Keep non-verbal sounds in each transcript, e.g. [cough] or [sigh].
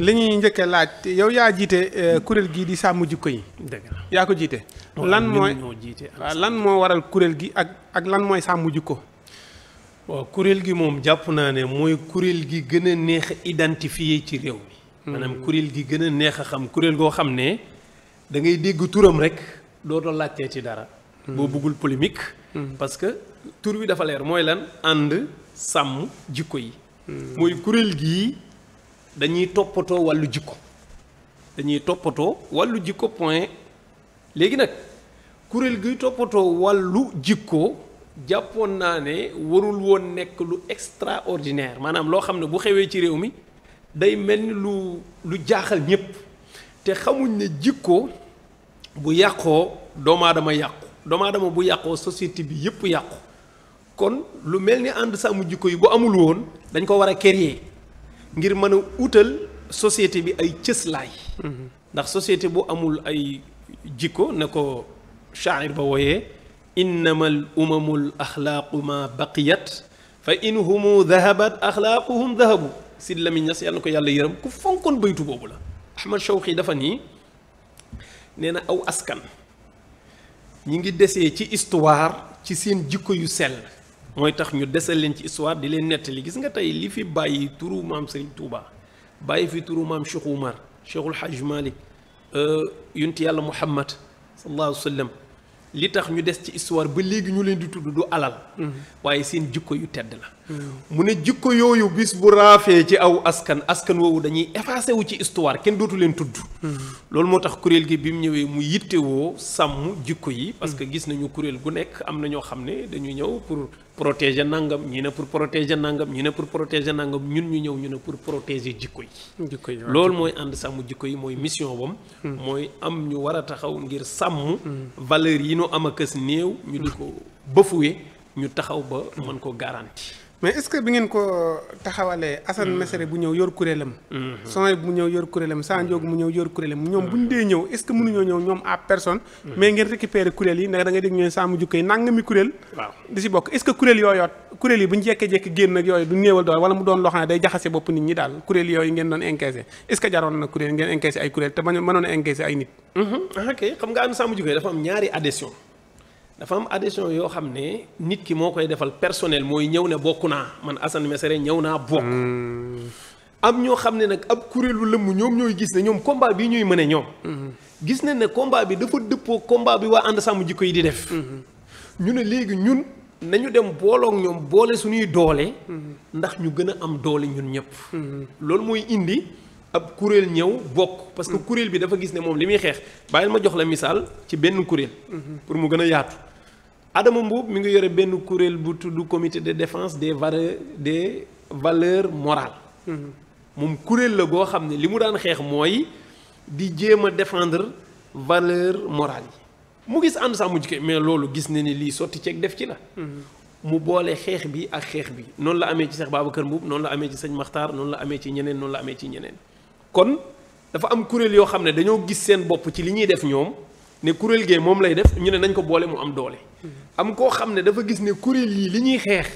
li ñuy njëkk laaj yow yaa jiite euh, kuréel gii di sàmm jikko yi. dëgg yaa ko jiite. lan mooy lan moo waral kuréel gi ak ak lan mooy sàmm jikko. waaw kuréel gi moom jàpp naa ne mooy kuréel gi gën a neex a identifier ci réew mi. Hmm. maanaam kuréel gi gën a neex a xam kuréel goo xam ne da ngay dégg turam rek dootoo laajtee ci dara. Hmm. boo bëggul polémique. Hmm. parce que tur wi dafa leer mooy lan ànd sàmm jikko yi. mooy kuréel gii. dañuy toppatoo wàllu jikko dañuy toppatoo wàllu jikko point léegi nag kuréel guy toppatoo wàllu jikko jàppoon naa ne warul woon nekk lu extraordinaire maanaam loo xam ne bu xewee ci réew mi day mel ni lu lu jaaxal ñépp te xamuñ ne jikko bu yàqoo doomu aadama yàqu doomu aadama bu yàqoo société bi yépp yàqu kon lu mel ni ànd sàmm jikko yi bu amul woon dañ ko war a créer ngir mën a utal société bi ay cëslaay ndax société bu amul ay jikko na ko shaacir ba wooyee innama al umamu l axlaaqu ma baqiyat fa in humu dahabat axlaaquhum dahabu Sid Lamine Niass yàlla na ko yàlla yërëm ku fonkoon baytu boobu la Ahmad Shawqi dafa nii nee na aw askan ñi ngi desee ci histoire ci seen jikko yu sell mooy tax ñu desal leen ci histoire di leen nettali gis nga tey li fi bàyyi turu maam Serigne Touba bàyyi fi turu maam Cheikh Oumar Cheikhul Hajj Malik euh, yunti yàlla mu sallallahu alayhi wa li tax ñu des ci histoire ba léegi ñu leen di tudd du alal. Mm-hmm. waaye seen jikko yu tedd la. Mm-hmm. mu ne jikko yooyu bis bu raafee ci aw askan askan woowu dañuy effacé wu ci histoire kenn dootu leen tudd. Mm-hmm. loolu moo tax kuréel gi bi mu ñëwee mu yittewoo sàmm jikko yi. parce que gis nañu kuréel gu nekk am na ñoo xam ne dañuy ñëw pour protéger nangam ñi ne pour protéger nangam ñi ne pour protéger nangam ñun ñu ñëw ñu ne pour protéger jikko yi. jikko yi loolu mooy ànd sàmm jikko yi mooy mission bam hmm. mooy am ñu war a taxaw ngir sàmm. Hmm. valeur yi nu am a kës néew. ñu di ko bëfuwee ñu taxaw ba mën ko garanti. mais est-ce que bi ngeen ko taxawalee Assane mm. Mesere bu ñëw yor kuréelam mm-hmm. Sonia bu ñëw yor kuréelam Sandiog mu ñëw yor kuréelam ñoom bu ñu dee ñëw est-ce que mënuñoo ñëw ñoom à personne mm-hmm. mais ngeen récupérer kuréel yi ndax da nga dégg ñooy sàmm jukka yi nangami kuréel di si bokk est-ce yooyoot kuréel yi bu ñu jekke génn ak du néewal doole wala mu doon loo xam day jaxase bopp nit ñi daal kuréel yooyu ngeen doon encaissé est jaroon na kuréel ngeen encaissé a encaissé dafa am adhésion yoo xam ne nit ki moo koy defal personnel mooy ñëw ne bokk naa man Assane Mesere ñëw naa bokk. Hmm. am ñoo xam ne nag ab kuréelu lëmm ñoom ñooy gis ne ñoom combat bi ñuy mëne ñoom. Hmm. gis nañ ne combat bi dafa dëppoo combat bi waa ànd sàmm jikko yi di def. Hmm. ñu ne léegi ñun nañu dem boolook ñoom boole suñuy doole. ndax ñu gën a am doole ñun ñëpp. loolu mooy indi. ab kuréel ñëw bokk parce que mm. kuréel bi dafa gis ne moom li muy xeex bàyyil ma jox la misaal ci benn kuréel mm-hmm. pour mu gën a yaatu Adama Mboup mi ngi yore benn kuréel bu tudd commité de défense des valeurs de valeurs morales mm-hmm. moom kuréel la goo xam ne li mu daan xeex mooy di jéem a défendre valeur morale yi mu gis ànd saa mujj mais loolu gis ne ni lii sotti ceeg def ci la mm-hmm. mu boole xeex bi ak xeex bi noonu la amee ci Cheikh Babacar Mboup noonu la amee ci sëñ Makhtar noonu la amee ci ñeneen noonu la amee ci ñeneen kon dafa am kuréel yoo xam ne dañoo gis seen bopp ci li ñuy def ñoom ne kuréel gee moom lay def ñu ne nañ ko boole mu am doole. am koo xam ne dafa gis ne kuréel yii li ñuy xeex.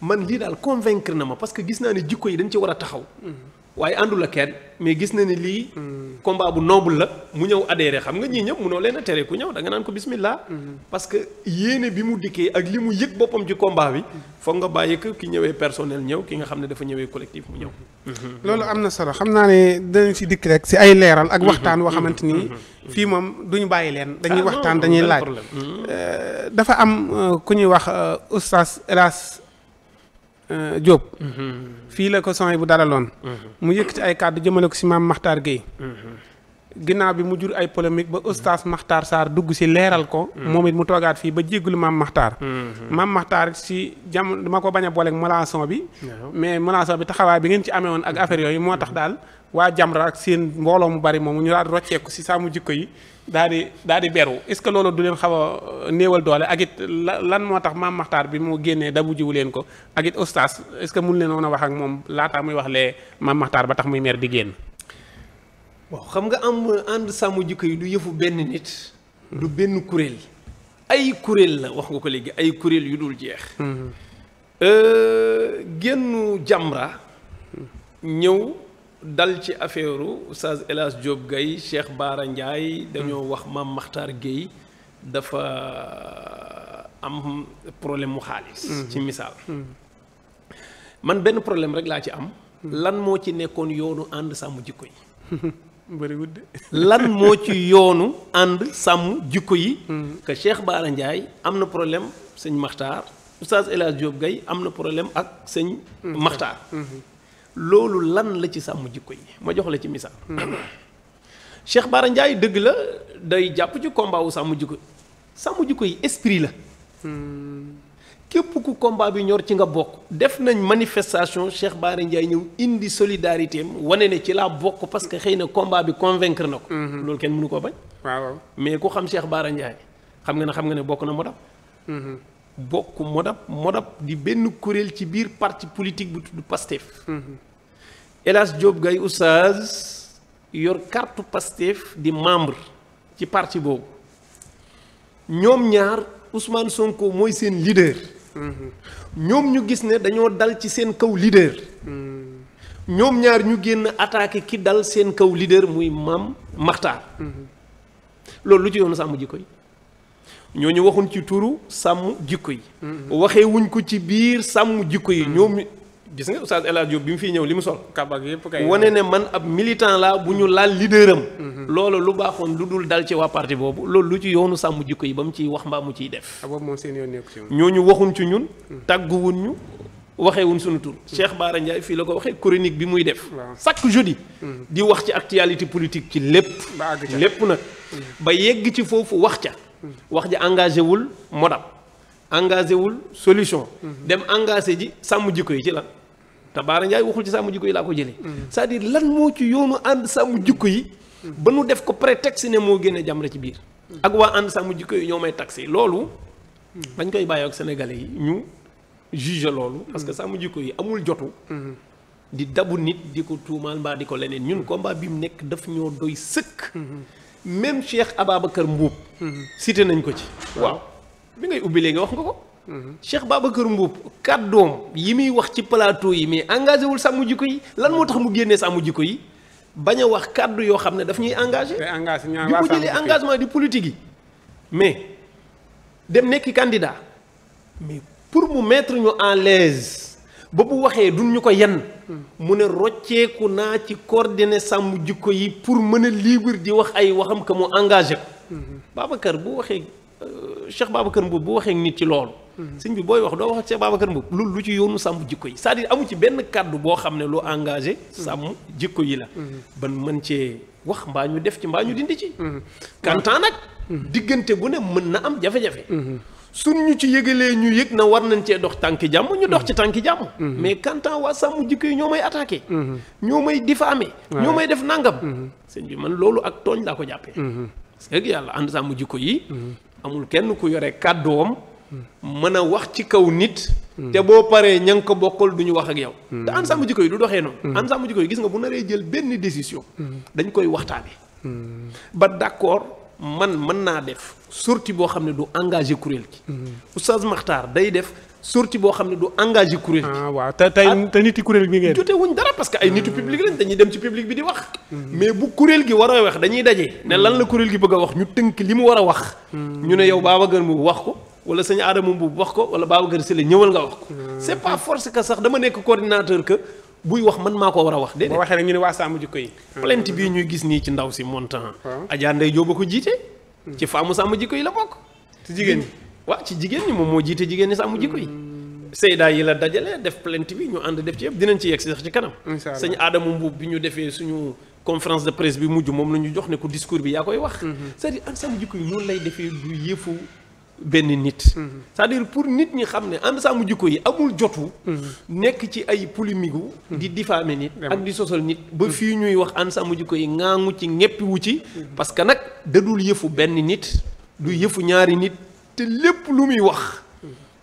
man lii daal convaincre na ma parce que gis naa ne jikko yi dañ ci war a taxaw. waaye àndul a kenn mais gis na ni lii. combat bu noble la mu ñëw adhéré xam nga ñii ñëpp munoo leen a tere ku ñëw danga naan ko bismillah. Mm-hmm. parce que yéene bi mu dikkee ak li mu yëg boppam ci combat bi. foog nga bàyyi ko ki ñëwee personnel ñëw ki nga xam ne dafa ñëwee collectif mu ñëw. Mm-hmm. loolu am na solo xam naa ne danañ si dikk rek si ay leeral ak mm-hmm. waxtaan woo xamante ni. fii moom du ñu bàyyi leen. Ah, dañuy waxtaan dañuy laaj. Euh, dafa am euh, ku ñuy wax euh, oustaz Elas. Euh, Diop. fii la ko sony bu dalaloon. Mm-hmm. mu yëkkati ay kàddu jëmale ko si maam Makhtar Gueye. Mm-hmm. ginnaaw bi mu jur ay polémique ba oustaz maxtar saar dugg si leeral ko. Mm-hmm. moom it mu toogaat fii ba jégglu maam Makhtar. Mm-hmm. maam Makhtar si jam dama ko bañ a booleeg Mélenchon bi. mais Mélenchon bi taxawaay bi ngeen ci amee woon ak affaire yooyu moo tax daal waa Jamra ak seen mbooloo mu bari moomu ñu daal rocceeku si saamu jikko yi daal di daal di beru est ce que loolu du leen xaw a néewal doole ak it lan moo tax maam maxtar bi mu génnee dabu jiwu leen ko ak it oustaz est ce que mun leen woon a wax ak moom laataa muy wax lee maam Makhtar ba tax muy mer di génn. waaw xam nga am ànd sàmm jikko yi du yëfu benn nit. du benn kuréel. ay kuréel la wax nga ko léegi ay kuréel yu dul jeex. Mhm. Euh, génnu Jamra. ñëw dal ci affaire Oustaz El Hadj Diop Gaye Cheikh Baara Ndiaye. dañoo mhm. wax Mame Makhtar Gueye dafa euh, am problème mu xaalis. Mhm. ci misaal. man benn problème rek laa ci am. lan moo ci nekkoon yoonu ànd sàmm jikko yi. [laughs] lan moo ci yoonu ànd sàmm jikko yi. Hmm. que Cheikh Ndiaye am na problème sëñ Maxtaar Oustaz El Hadj Diop am na problème ak sëñ. Hmm. Maxtaar. Hmm. loolu lan la ci sàmm jikko yi ma jox la ci misaal. [coughs] Cheikh Baara Ndiaye dëgg la day jàpp ci combat wu sàmm jikko sàmm jikko yi esprit la. képp ku combat bi ñor ci nga bokk. def nañ manifestation Cheikh Bara Ndiaye ñëw indi solidarité am wane ne ci laa bokk parce que xëy na combat bi convaincre na ko. Mhm. loolu kenn mënu ko bañ. mais ku xam seex Bara Ndiaye xam nga ne xam nga ne bokk na Modap. Mhm. bokk Modap Modap di benn kuréel ci biir parti politique bu tudd Pastef. Mhm. El Hadj Diop Gaye yor carte Pastef di membre ci parti boobu ñoom ñaar Ousmane Sonko mooy seen leader. ñoom ñu gis ne dañoo dal ci seen kaw leader. ñoom ñaar ñu génn attaqué ki dal seen kaw leader muy maam Maxtaar. loolu lu ci yoonu sàmm jikko yi ñooñu waxuñ ci turu sàmm jikko yi. Mm-hmm. waxee ko ci biir sàmm jikko yi mm-hmm. ñoom gis nga oustaz El Hadj bi mu fi ñëw li mu sol. kaba wane ne man ab militant laa bu ñu laal leader am. Mhm. loolu lu baaxoon lu dul dal ci waa parti boobu loolu lu ci yoonu sàmm jikko yi ba mu ciy wax mbaa mu ciy def. ah boobu seen yoon nekk ci ñooñu waxuñ ci ñun. Mhm. tàgguwuñ ñu waxeewuñ sunu tur. Mhm. Cheikh Bara Ndiaye fii la ko waxee chronique bi muy def. chaque jeudi. di wax ci actualité politique ci lépp. ba lépp nag. ba yegg ci foofu wax ca. wax ja engagé wul modam. engagé wul solution. dem engagé ji sàmm jikko yi ci lan. te Baara Ndiaye waxul ci sàmm jikko yi laa ko jëlee. sa à lan moo ci yoonu ànd sàmm jikko yi. ba nu def ko prétexte ne moo génne Jamra ci biir. ak waa ànd sàmm jikko yi ñoo may taxé loolu. dañ koy bàyyi ak sénégalais yi ñu juge loolu. parce que sàmm jikko yi amul jotu. di dabu nit di ko tuumaal mbaa di ko leneen ñun combat bi mu nekk daf ñoo doy sëkk. même Cheikh Ababacar Mbuub mm-hmm. cité nañ ko ci waaw. bi ngay ubbi léegi wax nga ko. Cheikh Babacar Mboup kàddoom yi muy wax ci plateau yi mais engagé wul sàmm jikko yi lan moo tax mu génnee sàmm jikko yi bañ a wax kàddu yoo xam ne daf ñuy engagé. bi mu jëlee engagement di politique yi. mais dem nekk candidat mais pour mu mettre ñu en l'aise ba bu waxee duñ ñu ko yan. mu ne rocceeku naa ci coordonné sàmm jikko yi pour mën a libre di wax ay waxam que mu engagé ko. Mm-hmm. Babacar bu waxee. Cheikh Babacar Mboup bu waxee nit ci loolu. Mm-hmm. sëñ bi booy wax doo wax Cheikh Babacar Mboup loolu lu ci yoonu sàmm jikko yi cest amu ci benn kàddu boo xam ne lu engagé. Mm-hmm. sàmm jikko yi la. Mm-hmm. ban mën cee wax mbaa ñu def ci mbaa ñu dindi ci. kantaan nag. diggante bu ne mën na am jafe-jafe. suñ ñu ci yëgalee ñu yëg na war nañ cee dox tànki jàmm ñu dox ci tànki jàmm mais kantaan waa sàmm jikko yi ñoo may attaqué ñoo may diffamé ñoo may def nangam sëñ bi man loolu ak tooñ laa ko jàppee parce yàlla ànd sàmm jikko yi amul kenn ku yore kàddoom hmm. mën a wax ci kaw nit. Hmm. te boo paree ña nga ko bokkal du ñu wax ak yow. Hmm. te an sàmm jikko yi du doxee noonu. an sàmm jikko yi gis nga bu naree jël benn décision. dañ koy waxtaanee. ba d'accord man mën naa def sortie boo xam ne du engagé kuréel gi. oustaz Makhtar day def. sorti boo xam ne du engagé kuréel gi. ah waaw te te ah, nit yi kuréel bi ngeen. jotee wuñ dara parce que ay nitu public lañ dañuy dem ci public bi di wax. Hmm. mais bu kuréel gi war a wex dañuy daje. ne hmm. lan la kuréel gi bëgg a wax ñu tënk li mu war a wax. Hmm. ñu ne yow Baba Gër mu wax ko. wala sëñ Adama Mbuub wax ko wala Baba Gër Sële ñëwal nga wax ko. c'est pas force que sax dama nekk coordinateur que. buy wax man maa ko war a wax de boo waxee rek ñu ne waa sàmm jikko yi plainte bii ñuy gis nii ci ndaw si montant Adja Ndeye Diop a ko jiite ci faamu sàmm jikko yi la bokk ci jigéen ñi waaw ci jigéen ñi moom moo jiite jigéen ñi sàmm jikko yi Seyda yi la dajale def plainte bi ñu ànd def ci yëpp dinañ ci yegg si sax ci kanam. incha allah sëñ Adama bi ñu defee suñu conférence de presse bi mujj moom la ñu jox ne ko discours bi yaa koy wax. Mhm. c'est-à-dire ànd sàmm lay defee du yëfu benn nit. Mhm. cest pour nit ñi xam ne ànd sàmm jikko yi amul jotu. Mhm. nekk ci ay polémique gu di diffamer nit. ak di sosal nit ba fii ñuy wax ànd sàmm jikko yi ŋaaŋu ci ñeppiwu ci. parce que nag dadul yëfu benn nit. du yëfu ñaari nit. te lépp lu muy wax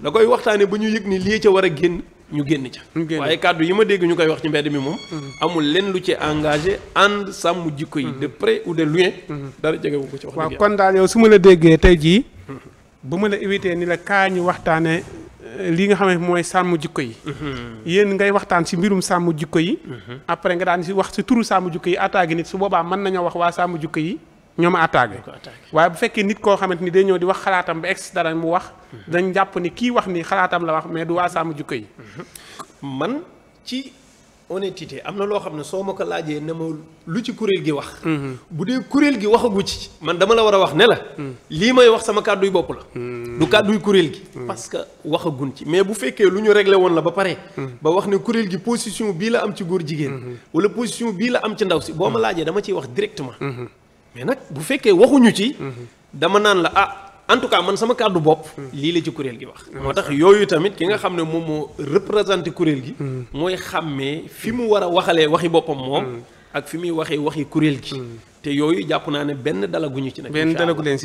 da koy waxtaane ba ñu yëg ni lii ca war a génn ñu génn ca waaye kàddu yi ma dégg ñu koy wax ci mbedd mi moom amul lenn lu ci engagé ànd sàmm jikko yi de près ou de loin dara jegewu ko ci kon daal su ma la déggee tey jii bu ma la éviter ni la kaa ñu waxtaane euh, li nga xam ne mooy sàmm jikko yi mhm. yéen ngay waxtaan si mbirum sàmm jikko yi mhm. après nga daan si wax si turu sàmm jikko yi attaque nit su boobaa mën nañoo wax waa sàmm jikko yi ñoo ma attaqué waaye bu fekkee nit koo xamante ni day ñoo di wax xalaatam ba ex dara mu wax dañ jàpp ni kii wax ni xalaatam la wax mais du waa sàmm jukko yi mhm. man ci honnêteté am na loo xam ne soo ma ko laajee ne ma lu ci kuréel gi wax mhm. bu dee kuréel gi waxagu ci man dama la war a wax ne la mhm. lii may wax sama kàdduy bopp la du kàdduy kuréel gi parce que waxagun ci mais bu fekkee lu ñu regle woon la ba pare ba wax ne kuréel gi position bii la am ci góor jigéen wala position bii la am ci ndaw si boo ma laajee dama ciy wax directement mais nag bu fekkee waxuñu ci. Mhm. dama naan la ah en tout cas man sama kàddu bopp. Mhm. lii la ci kuréel gi wax. Mhm. moo tax yooyu tamit ki nga xam ne moom moo représenté kuréel gi. mooy xàmmee fi mu war a waxalee waxi boppam moom. ak fi muy waxee waxi kuréel gi. te yooyu jàpp naa ne benn dalaguñu ci nag. benn dalagu leen